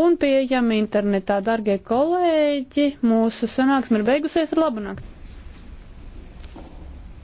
un pieejami internetā. Dargie kolēģi, mūsu sanāksme ir beigusies. Labu nakti!